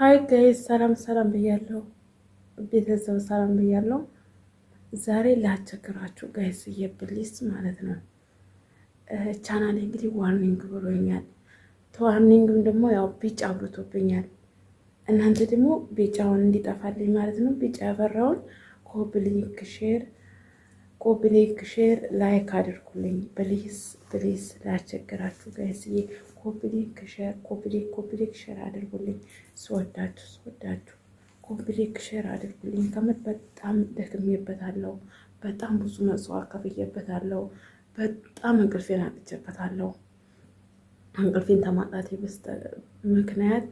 ሀይ ጋይዝ ሰላም ሰላም ብያለሁ፣ ቤተሰብ ሰላም ብያለሁ። ዛሬ ላቸግራችሁ ጋይስ እየብሊስ ማለት ነው። ቻናል እንግዲህ ዋርኒንግ ብሎኛል። ተዋርኒንግም ደግሞ ያው ቢጫ አብርቶብኛል። እናንተ ደግሞ ቢጫውን እንዲጠፋልኝ ማለት ነው ቢጫ ያበራውን ኮብሊንክ ሼር ኮፕሊክ ሼር ላይክ አድርጉልኝ ፕሊዝ ፕሊዝ። ላስቸግራችሁ ጋይስዬ ኮፕሊክ ሼር ኮፕሊክ ኮፕሊክ ሼር አድርጉልኝ። ስወዳችሁ ስወዳችሁ ኮፕሊክ ሼር አድርጉልኝ። ከምር በጣም ደክሜበታለሁ። በጣም ብዙ መስዋዕት ከፍዬበታለሁ። በጣም እንቅልፌን አጥቼበታለሁ። እንቅልፌን ተማጣቴ ምክንያት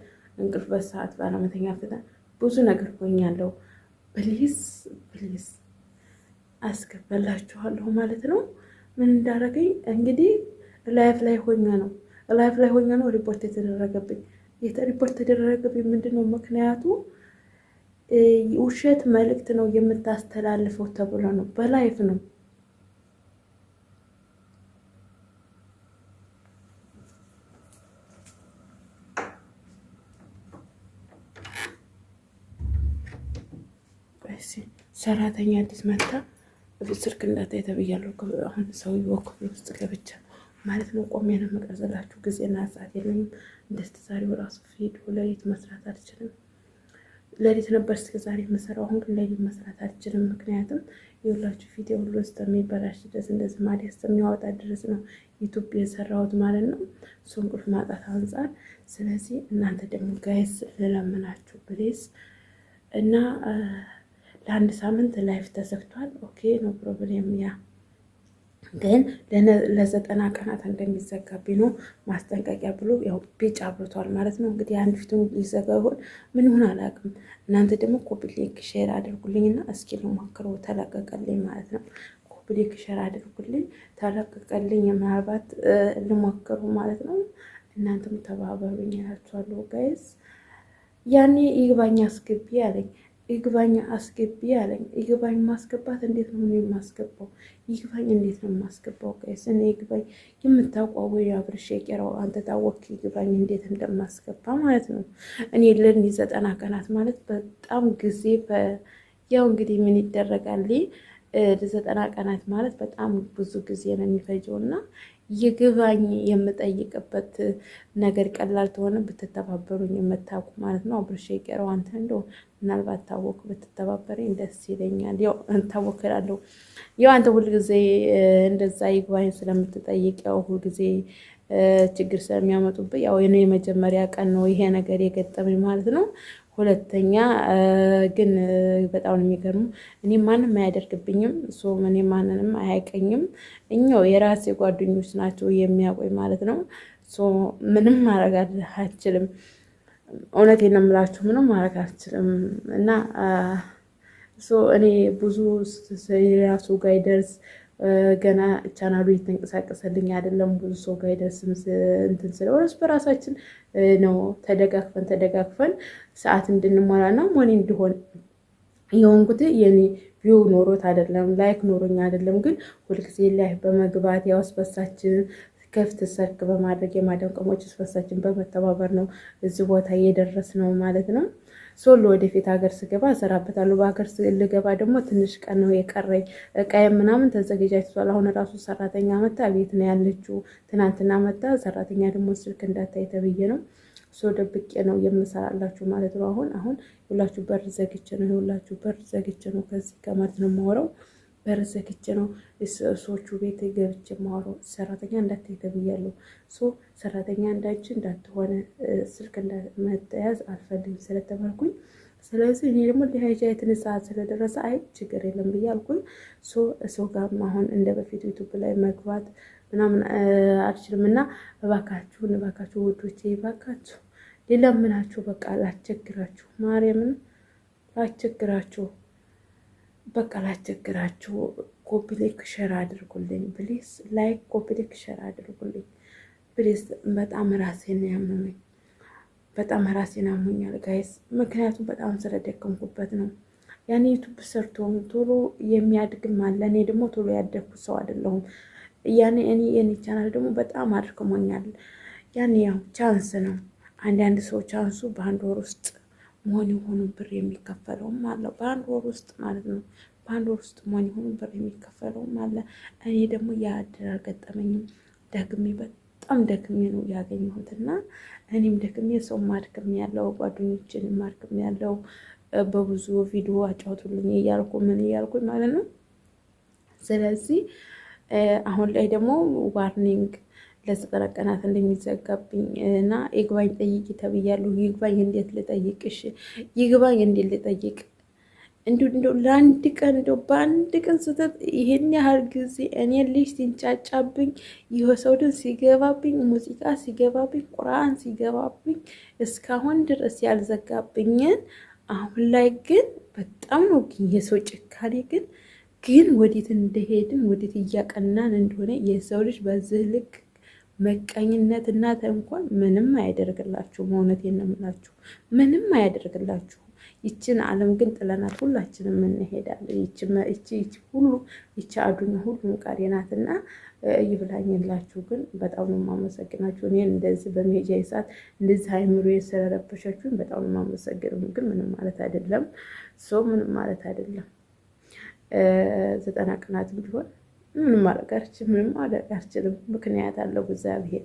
እንቅልፍ በሰዓት ባለመተኛ ብዙ ነገር ሆኛለሁ። ፕሊዝ ፕሊዝ አስገባላችኋለሁ ማለት ነው። ምን እንዳረገኝ እንግዲህ ላይፍ ላይ ሆኘ ነው ላይፍ ላይ ሆኘ ነው ሪፖርት የተደረገብኝ። ሪፖርት የተደረገብኝ ምንድን ነው ምክንያቱ ውሸት መልእክት ነው የምታስተላልፈው ተብሎ ነው። በላይፍ ነው ሰራተኛ አዲስ መጣ። ስልክ እንዳታይ ተብያለሁ። አሁን ሰው ክፍል ውስጥ ገብቻ ማለት ነው ቆሜ ነው የምቀርጽላችሁ። ጊዜና ሰዓት የለኝም። እንደስተ ዛሬው ራሱ ቪዲዮ ለሊት መስራት አልችልም። ለሊት ነበር እስከ ዛሬ የምሰራው። አሁን ግን ለሊት መስራት አልችልም። ምክንያቱም የሁላችሁ ፊት የሁሉ እስከሚበላሽ ድረስ እንደዚህ ማዲያ እስከሚያወጣ ድረስ ነው ዩቱብ የሰራሁት ማለት ነው። እሱ እንቅልፍ ማጣት አንጻር። ስለዚህ እናንተ ደግሞ ጋይስ ልለምናችሁ ፕሌስ እና ለአንድ ሳምንት ላይፍ ተዘግቷል። ኦኬ ኖ ፕሮብሌም ያ ግን ለዘጠና ቀናት እንደሚዘጋብኝ ነው ማስጠንቀቂያ ብሎ ያው ቢጭ አብርቷል ማለት ነው። እንግዲህ አንድ ፊቱን ሊዘጋ ይሆን ምን ይሁን አላውቅም። እናንተ ደግሞ ኮፒ ሊንክ ሼር አድርጉልኝና እስኪ ልሞክረው። ተለቀቀልኝ ማለት ነው። ኮፒ ሊንክ ሼር አድርጉልኝ ተለቀቀልኝ። ምናልባት ልሞክሩ ማለት ነው። እናንተም ተባበሩኝ እላችኋለሁ ጋይዝ። ያኔ ይግባኝ አስገቢ አለኝ። ይግባኝ አስገቢ አለኝ። ይግባኝ ማስገባት እንዴት ነው የማስገባው? ይግባኝ እንዴት ነው የማስገባው? ጋይስ እኔ ይግባኝ የምታቋወ አብርሽ የቄራው አንተ ታወክ። ይግባኝ እንዴት እንደማስገባ ማለት ነው። እኔ ለኒ ዘጠና ቀናት ማለት በጣም ጊዜ ያው እንግዲህ ምን ይደረጋል። ዘጠና ቀናት ማለት በጣም ብዙ ጊዜ ነው የሚፈጀው እና ይግባኝ የምጠይቅበት ነገር ቀላል ተሆነ ብትተባበሩኝ የምታውቁ ማለት ነው። አብርሽ የቄራው አንተ እንደው ምናልባት ታወቅ ብትተባበረኝ ደስ ይለኛል። ያው ታወክ ያው አንተ ሁልጊዜ እንደዛ ይግባኝ ስለምትጠይቀው ሁልጊዜ ችግር ስለሚያመጡብህ ያው የኔ የመጀመሪያ ቀን ነው ይሄ ነገር የገጠመኝ ማለት ነው። ሁለተኛ ግን በጣም ነው የሚገርሙ። እኔ ማንም አያደርግብኝም፣ እሱም እኔ ማንንም አያቀኝም። እኛው የራሴ ጓደኞች ናቸው የሚያቆኝ ማለት ነው። ምንም ማድረግ አልችልም። እውነቴን ነው የምላችሁ፣ ምንም ማድረግ አልችልም። እና እኔ ብዙ የራሱ ጋይደርስ ገና ቻናሉ የተንቀሳቀሰልኝ አይደለም። ብዙ ሰው ጋይደርስ እንትን ስለሆነ በራሳችን ነው ተደጋግፈን ተደጋግፈን ሰዓት እንድንሞላ እና ሞኒ እንዲሆን የሆንኩት የኔ ቪው ኖሮት አይደለም፣ ላይክ ኖሮኝ አይደለም። ግን ሁልጊዜ ላይ በመግባት ያው ክፍት ሰርክ በማድረግ የማዳም ቅመሞች ስፈሳችን በመተባበር ነው እዚህ ቦታ እየደረስ ነው ማለት ነው። ሶሎ ወደፊት ሀገር ስገባ እሰራበታለሁ። በሀገር ልገባ ደግሞ ትንሽ ቀን ነው የቀረኝ። እቃዬ ምናምን ተዘገጃጅቷል። አሁን ራሱ ሰራተኛ መታ ቤት ነው ያለችው። ትናንትና መታ ሰራተኛ ደግሞ ስልክ እንዳታይ ተብዬ ነው ሶ ደብቄ ነው የምሰራላችሁ ማለት ነው። አሁን አሁን ሁላችሁ በር ዘግቼ ነው ሁላችሁ በር ዘግቼ ነው ከዚህ ከማለት ነው የማወራው በር ዘግቼ ነው ሰዎቹ ቤት ገብቼ ማወራው። ሰራተኛ እንዳትሄድ ተብያለሁ። ሶ ሰራተኛ እንዳጅ እንዳትሆነ ስልክ መያዝ አልፈልግም ስለተባልኩኝ፣ ስለዚህ እኔ ደግሞ ሊሀይጃ የትንሳ ስለደረሰ አይ ችግር የለም ብዬ አልኩኝ። ሶ ሰው ጋር አሁን እንደ በፊት ዩቱብ ላይ መግባት ምናምን አልችልም እና እባካችሁን፣ እባካችሁ ውዶቼ፣ እባካችሁ ሌላ ምናችሁ በቃ ላቸግራችሁ፣ ማርያምን ላቸግራችሁ በቃ ላስቸግራችሁ። ኮፒ ሊንክ ሸር አድርጉልኝ ፕሊዝ። ላይክ ኮፒ ሊንክ ሸር አድርጉልኝ ፕሊዝ። በጣም ራሴን ያመመኝ በጣም ራሴን አሞኛል ጋይስ፣ ምክንያቱም በጣም ስለደከምኩበት ነው። ያኔ ዩቱብ ሰርቶም ቶሎ የሚያድግም አለ። እኔ ደግሞ ቶሎ ያደግኩ ሰው አይደለሁም። ያኔ እኔ የኔ ቻናል ደግሞ በጣም አድክሞኛል። ያኔ ያው ቻንስ ነው። አንዳንድ ሰው ቻንሱ በአንድ ወር ውስጥ ሞን የሆኑ ብር የሚከፈለውም አለ። በአንድ ወር ውስጥ ማለት ነው። በአንድ ወር ውስጥ ሞን የሆኑ ብር የሚከፈለውም አለ። እኔ ደግሞ የአድር አልገጠመኝም። ደግሜ በጣም ደግሜ ነው ያገኘሁት እና እኔም ደግሜ ሰው ማድክም ያለው ጓደኞችን ማድክም ያለው በብዙ ቪዲዮ አጫውቱልኝ እያልኩ ምን እያልኩኝ ማለት ነው። ስለዚህ አሁን ላይ ደግሞ ዋርኒንግ ለዘጠና ቀናት እንደሚዘጋብኝ እና ይግባኝ ጠይቂ ተብያለሁ። ይግባኝ እንዴት ልጠይቅሽ? ይግባኝ እንዴት ልጠይቅ? እንዲሁ እንደ ለአንድ ቀን እንደ በአንድ ቀን ስህተት ይሄን ያህል ጊዜ እኔ ልጅ ሲንጫጫብኝ የሰውድን ሲገባብኝ ሙዚቃ ሲገባብኝ ቁርአን ሲገባብኝ እስካሁን ድረስ ያልዘጋብኝን አሁን ላይ ግን በጣም ነው ግን የሰው ጭካኔ ግን ግን ወዴት እንደሄድን ወዴት እያቀናን እንደሆነ የሰው ልጅ በዚህ ልክ መቀኝነትና እና ተንኮል ምንም አያደርግላችሁም። እውነቴን ነው የምላችሁ፣ ምንም አያደርግላችሁም። ይችን ዓለም ግን ጥለናት ሁላችንም እንሄዳለን። ይቺ ሁሉ ይች አዱኛ ሁሉም ቀሪ ናትና እና ይብላኝ የላችሁ ግን በጣም ነው የማመሰግናችሁ። እኔን እንደዚህ በመሄጃ ሰዓት እንደዚህ አይምሮ የሰረረበሻችሁን በጣም ነው የማመሰግነው። ግን ምንም ማለት አይደለም ሰው ምንም ማለት አይደለም። ዘጠና ቀናትም ቢሆን ምንም ማድረግ አልችልም። ምንም ማድረግ አልችልም። ምክንያት አለው እግዚአብሔር።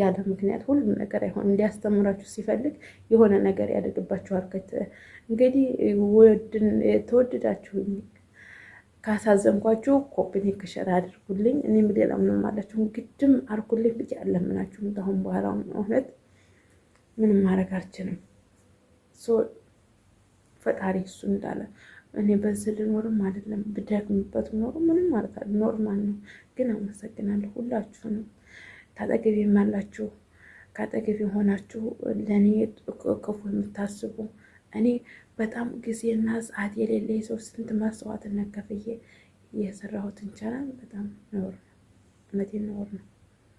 ያለ ምክንያት ሁሉም ነገር አይሆን። እንዲያስተምራችሁ ሲፈልግ የሆነ ነገር ያደርግባችኋል። እንግዲህ ተወደዳችሁ ካሳዘንኳችሁ ኮፕኒክ ክሸር አድርጉልኝ። እኔም ሌላ ምንም አላችሁም ግድም አርኩልኝ ብቻ አለምናችሁም። ከአሁን በኋላ እውነት ምንም ማድረግ አልችልም። ፈጣሪ እሱ እንዳለ እኔ በዚህ ልኖርም አይደለም ብደክምበት ኖሩ ምንም ማለት ኖርማል ነው። ግን አመሰግናለሁ ሁላችሁንም ታጠገቤም ያላችሁ ከአጠገቤ ሆናችሁ ለእኔ ክፉ የምታስቡ እኔ በጣም ጊዜና ሰዓት የሌለ ሰው ስንት መስዋዕትነት ከፍዬ የሰራሁትን ቻናል በጣም ነውር ነው። እውነቴን ነውር ነው።